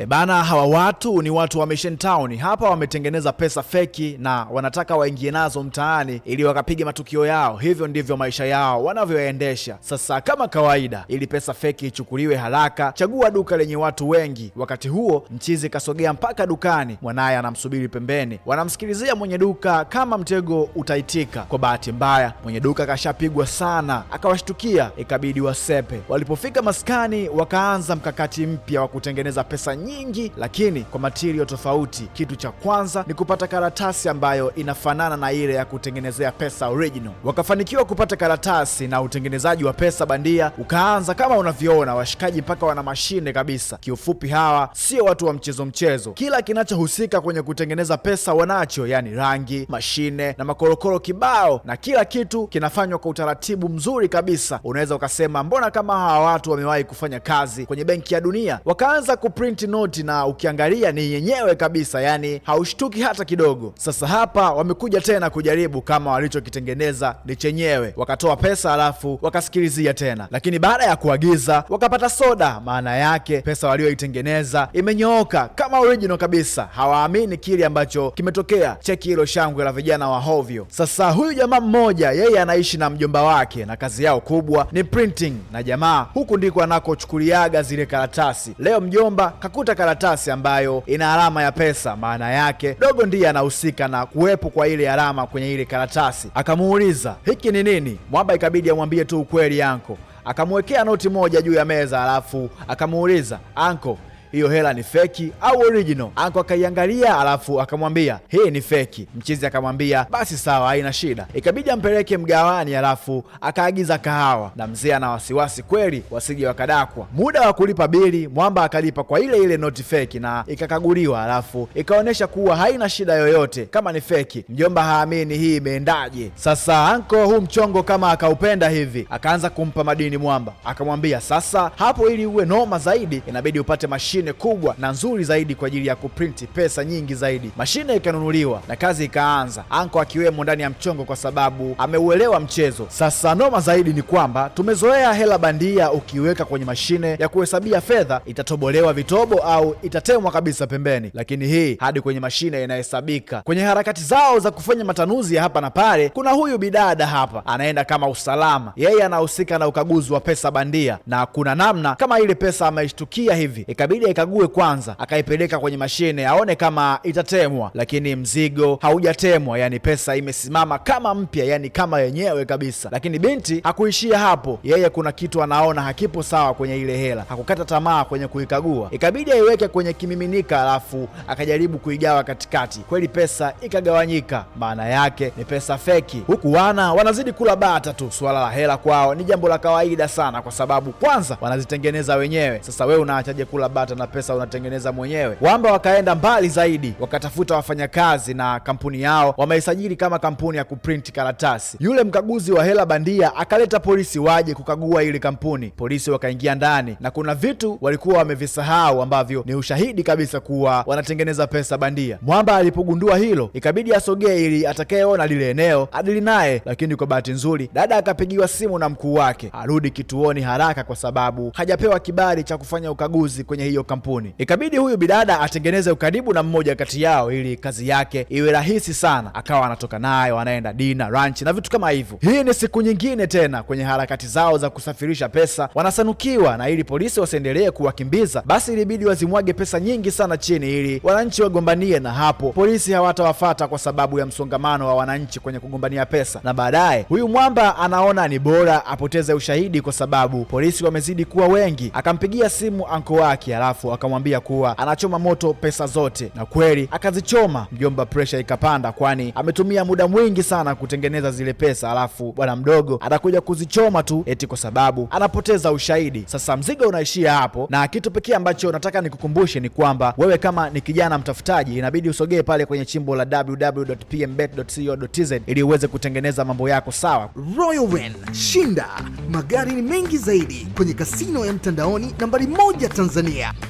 E bana, hawa watu ni watu wa Mission Town hapa, wametengeneza pesa feki na wanataka waingie nazo mtaani ili wakapige matukio yao. Hivyo ndivyo maisha yao wanavyoendesha. Sasa kama kawaida, ili pesa feki ichukuliwe haraka, chagua duka lenye watu wengi. Wakati huo mchizi kasogea mpaka dukani, mwanaye anamsubiri pembeni, wanamsikilizia mwenye duka kama mtego utaitika. Kwa bahati mbaya, mwenye duka kashapigwa sana, akawashtukia, ikabidi wasepe. Walipofika maskani, wakaanza mkakati mpya wa kutengeneza pesa nyingi, lakini kwa material tofauti. Kitu cha kwanza ni kupata karatasi ambayo inafanana na ile ya kutengenezea pesa original. Wakafanikiwa kupata karatasi na utengenezaji wa pesa bandia ukaanza kama unavyoona, washikaji mpaka wana mashine kabisa. Kiufupi, hawa sio watu wa mchezo mchezo, kila kinachohusika kwenye kutengeneza pesa wanacho, yani rangi, mashine na makorokoro kibao, na kila kitu kinafanywa kwa utaratibu mzuri kabisa. Unaweza ukasema mbona kama hawa watu wamewahi kufanya kazi kwenye Benki ya Dunia? Wakaanza kuprinti noti na ukiangalia ni yenyewe kabisa, yani haushtuki hata kidogo. Sasa hapa wamekuja tena kujaribu kama walichokitengeneza ni chenyewe, wakatoa pesa alafu wakasikilizia tena, lakini baada ya kuagiza wakapata soda. Maana yake pesa walioitengeneza imenyooka kama original kabisa, hawaamini kile ambacho kimetokea. Cheki hilo shangwe la vijana wa hovyo. Sasa huyu jamaa mmoja, yeye anaishi na mjomba wake na kazi yao kubwa ni printing, na jamaa huku ndiko anakochukuliaga zile karatasi. Leo mjomba kaku utakuta karatasi ambayo ina alama ya pesa. Maana yake dogo ndiye anahusika na kuwepo kwa ile alama kwenye ile karatasi. Akamuuliza hiki ni nini? Mwamba ikabidi amwambie tu ukweli yanko. Akamwekea noti moja juu ya meza, alafu akamuuliza anko hiyo hela ni feki au original. Anko akaiangalia, alafu akamwambia hii ni feki. Mchizi akamwambia basi sawa, haina shida. Ikabidi ampeleke mgawani, alafu akaagiza kahawa, na mzee ana wasiwasi kweli wasije wakadakwa. Muda wa kulipa bili, mwamba akalipa kwa ile ile noti feki na ikakaguliwa, alafu ikaonyesha kuwa haina shida yoyote kama ni feki. Mjomba haamini hii imeendaje. Sasa anko huu mchongo kama akaupenda hivi, akaanza kumpa madini mwamba, akamwambia sasa hapo, ili uwe noma zaidi inabidi upate mashine mashine kubwa na nzuri zaidi kwa ajili ya kuprinti pesa nyingi zaidi. Mashine ikanunuliwa na kazi ikaanza, anko akiwemo ndani ya mchongo kwa sababu ameuelewa mchezo. Sasa noma zaidi ni kwamba tumezoea hela bandia, ukiweka kwenye mashine ya kuhesabia fedha itatobolewa vitobo au itatemwa kabisa pembeni, lakini hii hadi kwenye mashine inahesabika. Kwenye harakati zao za kufanya matanuzi ya hapa na pale, kuna huyu bidada hapa anaenda kama usalama, yeye anahusika na ukaguzi wa pesa bandia, na kuna namna kama ile pesa ameishtukia hivi, ikabidi ngoja ikague kwanza, akaipeleka kwenye mashine aone kama itatemwa, lakini mzigo haujatemwa, yani pesa imesimama kama mpya, yani kama yenyewe kabisa. Lakini binti hakuishia hapo, yeye kuna kitu anaona hakipo sawa kwenye ile hela. Hakukata tamaa kwenye kuikagua, ikabidi aiweke kwenye kimiminika, alafu akajaribu kuigawa katikati. Kweli pesa ikagawanyika, maana yake ni pesa feki. Huku wana wanazidi kula bata tu. Suala la hela kwao ni jambo la kawaida sana, kwa sababu kwanza wanazitengeneza wenyewe. Sasa wewe unaachaje kula bata? na pesa unatengeneza mwenyewe. Wamba wakaenda mbali zaidi, wakatafuta wafanyakazi na kampuni yao wameisajili kama kampuni ya kuprinti karatasi. Yule mkaguzi wa hela bandia akaleta polisi waje kukagua ili kampuni. Polisi wakaingia ndani na kuna vitu walikuwa wamevisahau ambavyo ni ushahidi kabisa kuwa wanatengeneza pesa bandia. Mwamba alipogundua hilo, ikabidi asogee ili atakayeona lile eneo adili naye, lakini kwa bahati nzuri dada akapigiwa simu na mkuu wake arudi kituoni haraka, kwa sababu hajapewa kibali cha kufanya ukaguzi kwenye hiyo kampuni. Ikabidi huyu bidada atengeneze ukaribu na mmoja kati yao ili kazi yake iwe rahisi sana, akawa anatoka nayo anaenda dina ranch na vitu kama hivyo. Hii ni siku nyingine tena kwenye harakati zao za kusafirisha pesa, wanasanukiwa na ili polisi wasiendelee kuwakimbiza, basi ilibidi wazimwage pesa nyingi sana chini ili wananchi wagombanie, na hapo polisi hawatawafata kwa sababu ya msongamano wa wananchi kwenye kugombania pesa. Na baadaye huyu mwamba anaona ni bora apoteze ushahidi kwa sababu polisi wamezidi kuwa wengi, akampigia simu anko wake alafu alafu akamwambia kuwa anachoma moto pesa zote, na kweli akazichoma. Mjomba presha ikapanda, kwani ametumia muda mwingi sana kutengeneza zile pesa, alafu bwana mdogo atakuja kuzichoma tu eti kwa sababu anapoteza ushahidi. Sasa mzigo unaishia hapo, na kitu pekee ambacho nataka nikukumbushe ni kwamba wewe kama ni kijana mtafutaji, inabidi usogee pale kwenye chimbo la www.pmbet.co.tz ili uweze kutengeneza mambo yako sawa. Royal Win, shinda magari ni mengi zaidi kwenye kasino ya mtandaoni nambari moja Tanzania.